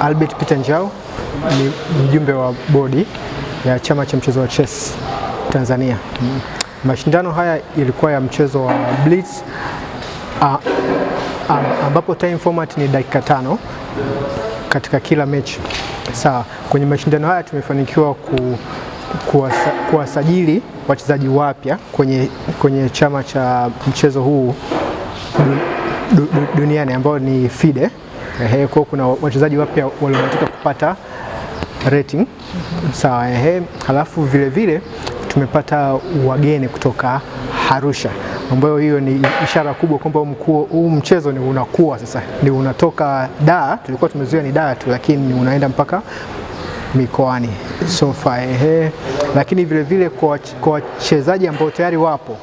Albert Peter Njau ni mjumbe wa bodi ya chama cha mchezo wa chess Tanzania. Mm. Mashindano haya ilikuwa ya mchezo wa blitz a, a, ambapo time format ni dakika tano katika kila mechi. Sawa, kwenye mashindano haya tumefanikiwa ku kuwasajili wachezaji wapya kwenye, kwenye chama cha mchezo huu duniani ambao ni FIDE. Ehe, kwa kuna wachezaji wapya waliobahatika kupata rating. Sawa, ehe. Halafu vile vile tumepata wageni kutoka Arusha ambayo hiyo ni ishara kubwa kwamba huu mchezo ni unakuwa sasa, ni unatoka da tulikuwa tumezuia ni da tu, lakini unaenda mpaka mikoani so far ehe. Lakini vile vile kwa wachezaji ambao tayari wapo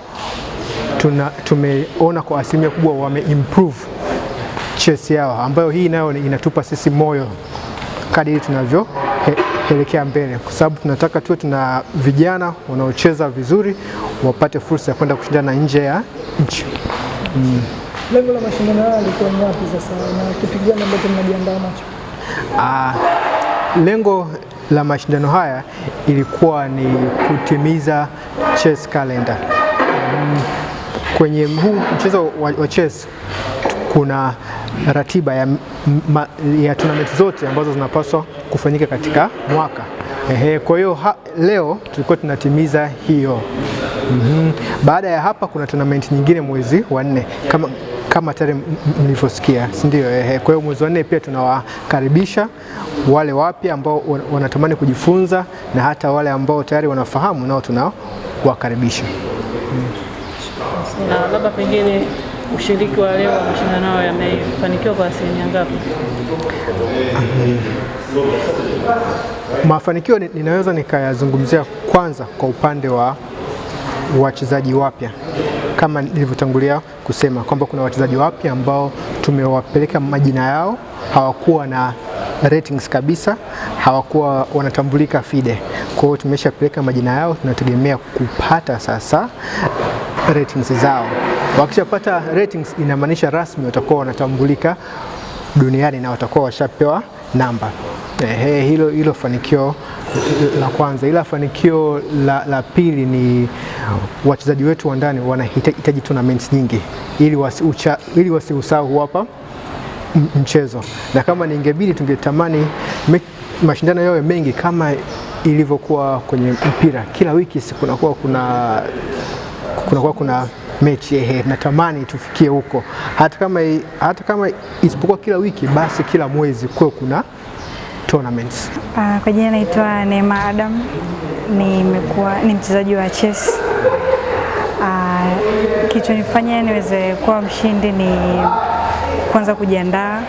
tuna, tumeona kwa asilimia kubwa wame improve shares yao, ambayo hii nayo inatupa sisi moyo kadiri tunavyoelekea mbele, kwa sababu tunataka tuwe tuna vijana wanaocheza vizuri wapate fursa ya kwenda kushindana nje ya nchi. Mm. Lengo la mashindano haya lilikuwa ni wapi sasa na kitu gani ambacho mnajiandaa nacho? Ah, lengo la mashindano haya ilikuwa ni kutimiza chess calendar. Mm, kwenye huu mchezo wa, wa chess kuna ratiba ya, ma, ya tournament zote ambazo zinapaswa kufanyika katika mwaka. Ehe, kwa hiyo leo tulikuwa tunatimiza hiyo. Mm -hmm. Baada ya hapa kuna tournament nyingine mwezi wa nne kama, kama tare mlivyosikia, si ndio? Ehe, kwa hiyo mwezi wa nne pia tunawakaribisha wale wapya ambao wanatamani kujifunza na hata wale ambao tayari wanafahamu nao tunawakaribisha. Mm. Na labda pengine ushiriki wa leo wa mashindano hayo yamefanikiwa kwa asilimia ngapi? Mafanikio ninaweza nikayazungumzia kwanza kwa upande wa wachezaji wapya, kama nilivyotangulia kusema kwamba kuna wachezaji wapya ambao tumewapeleka majina yao, hawakuwa na ratings kabisa, hawakuwa wanatambulika FIDE. Kwa hiyo tumeshapeleka majina yao, tunategemea kupata sasa ratings zao. Wakishapata ratings inamaanisha rasmi watakuwa wanatambulika duniani na watakuwa washapewa namba. Ehe, hilo, hilo fanikio la kwanza, ila fanikio la, la pili ni wachezaji wetu wa ndani wanahitaji tournaments nyingi ili wasiusahau wasi hapa mchezo, na kama ningebidi tungetamani mashindano yawe mengi kama ilivyokuwa kwenye mpira, kila wiki kunakuwa kuna, kunakuwa kuna mechi ehe, natamani tufikie huko, hata kama, hata kama isipokuwa kila wiki basi kila mwezi kuwe kuna tournaments. Uh, kwa jina naitwa Neema Adam, nimekuwa ni mchezaji wa chess. Uh, kilichonifanya niweze kuwa mshindi ni kwanza kujiandaa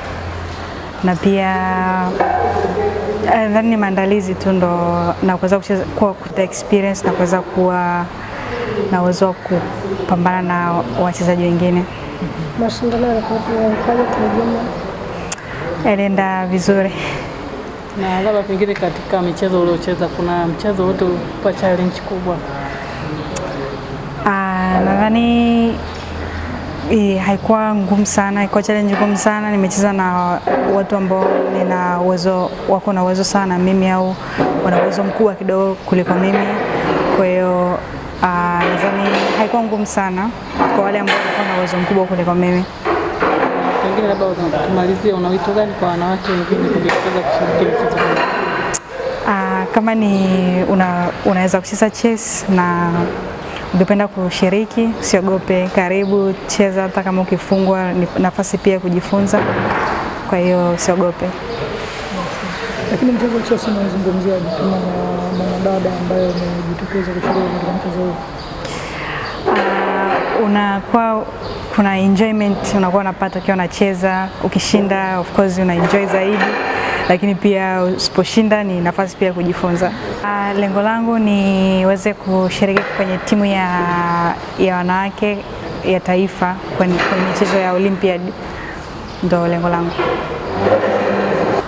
na pia eh, nadhani ni maandalizi tu ndo na kuweza kucheza kwa kuta experience na kuweza kuwa na uwezo wa kupambana na wachezaji wengine. Mashindano yalikuwaje kiujumla? Yalienda vizuri. Na labda pengine katika michezo uliocheza kuna mchezo wote ulikupa challenge kubwa? Ah, nadhani haikuwa ngumu sana, haikuwa challenge ngumu sana. Nimecheza na watu ambao nina uwezo wako na uwezo sana mimi au wana uwezo mkubwa kidogo kuliko mimi, kwa hiyo Ah, nadhani haikuwa ngumu sana kwa wale ambao walikuwa na uwezo mkubwa kuliko mimi. Pengine labda tumalizie, una wito gani kwa wanawake wengine kujitokeza kushiriki michezo? Ah, kama ni una, unaweza kucheza chess na ungependa kushiriki, usiogope, karibu, cheza. Hata kama ukifungwa, nafasi pia kujifunza, kwa hiyo usiogope. Lakini mchezo wa Chelsea unazungumziaje kama mwanadada ambaye amejitokeza kushiriki katika mchezo huu? Ah, unakuwa kuna enjoyment unakuwa unapata ukiwa unacheza, ukishinda of course una enjoy zaidi, lakini pia usiposhinda ni nafasi pia ya kujifunza. Uh, lengo langu niweze kushiriki kwenye timu ya, ya wanawake ya taifa kwenye michezo ya Olympiad, ndo lengo langu.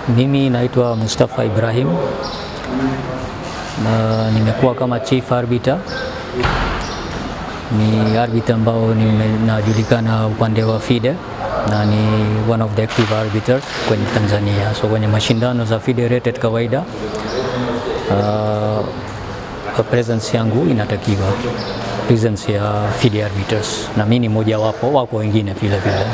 Mimi naitwa Mustafa Ibrahim na nimekuwa kama chief arbiter. Ni arbiter ambao ninajulikana upande wa FIDE na ni one of the active arbiters kwenye Tanzania. So kwenye mashindano za FIDE rated kawaida, uh, presence yangu inatakiwa, presence ya FIDE arbiters, na mimi ni mmoja wapo, wako wengine vile vile.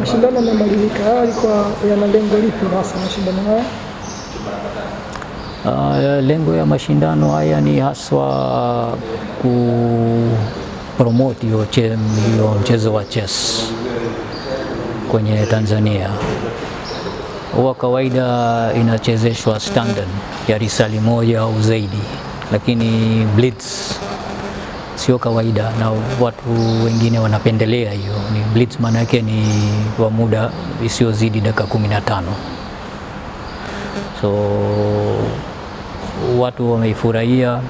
Mashindano yamebadilika, yalikuwa yana lengo lipi hasa mashindano haya? Ah, uh, lengo ya mashindano haya ni haswa promote hiyo mchezo wa chess kwenye Tanzania. Huwa kawaida inachezeshwa standard ya risali moja au zaidi, lakini blitz sio kawaida na watu wengine wanapendelea hiyo. Ni blitz maana yake ni wa muda isiyozidi dakika kumi na tano. So watu wameifurahia,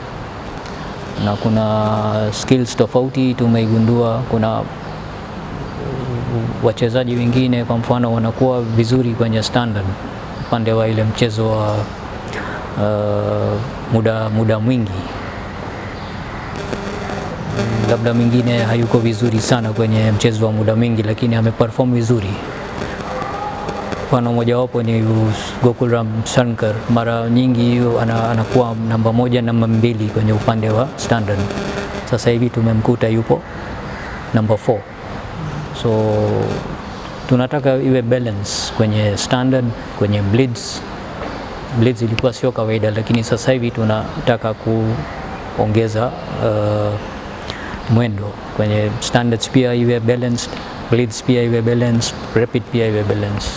na kuna skills tofauti tumeigundua. Kuna wachezaji wengine kwa mfano wanakuwa vizuri kwenye standard upande wa ile mchezo wa uh, muda, muda mwingi labda mwingine hayuko vizuri sana kwenye mchezo wa muda mwingi, lakini ameperform vizuri. Mfano mojawapo ni Gokulam Shankar, mara nyingi anakuwa namba moja, namba mbili kwenye upande wa standard. Sasa hivi tumemkuta yupo namba 4 so tunataka iwe balance kwenye standard, kwenye blitz. Blitz ilikuwa sio kawaida, lakini sasa hivi tunataka kuongeza uh, mwendo kwenye standards pia iwe balanced, bleeds pia iwe balanced, rapid pia iwe balanced.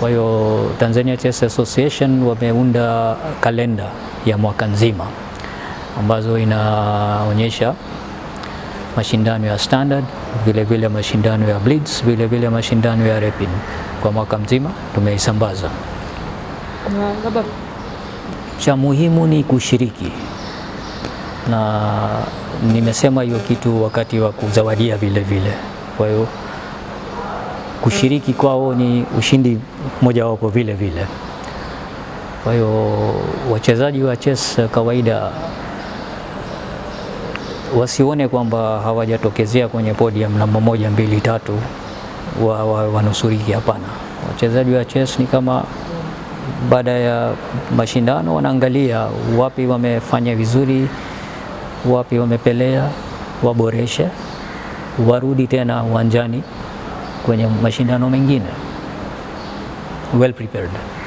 Kwa hiyo Tanzania Chess Association wameunda kalenda ya mwaka nzima ambazo inaonyesha mashindano ya standard, vile vile mashindano ya blitz, vile vile mashindano ya rapid kwa mwaka mzima tumeisambaza. Cha muhimu ni kushiriki na nimesema hiyo kitu wakati wa kuzawadia vile vile. Kwa hiyo kushiriki kwao ni ushindi mojawapo vile vile. Kwa hiyo wachezaji wa chess kawaida wasione kwamba hawajatokezea kwenye podium namba moja, mbili, tatu wa, wa, wanusuriki. Hapana, wachezaji wa chess ni kama baada ya mashindano wanaangalia wapi wamefanya vizuri wapi wamepelea, waboreshe, warudi tena uwanjani kwenye mashindano mengine well prepared.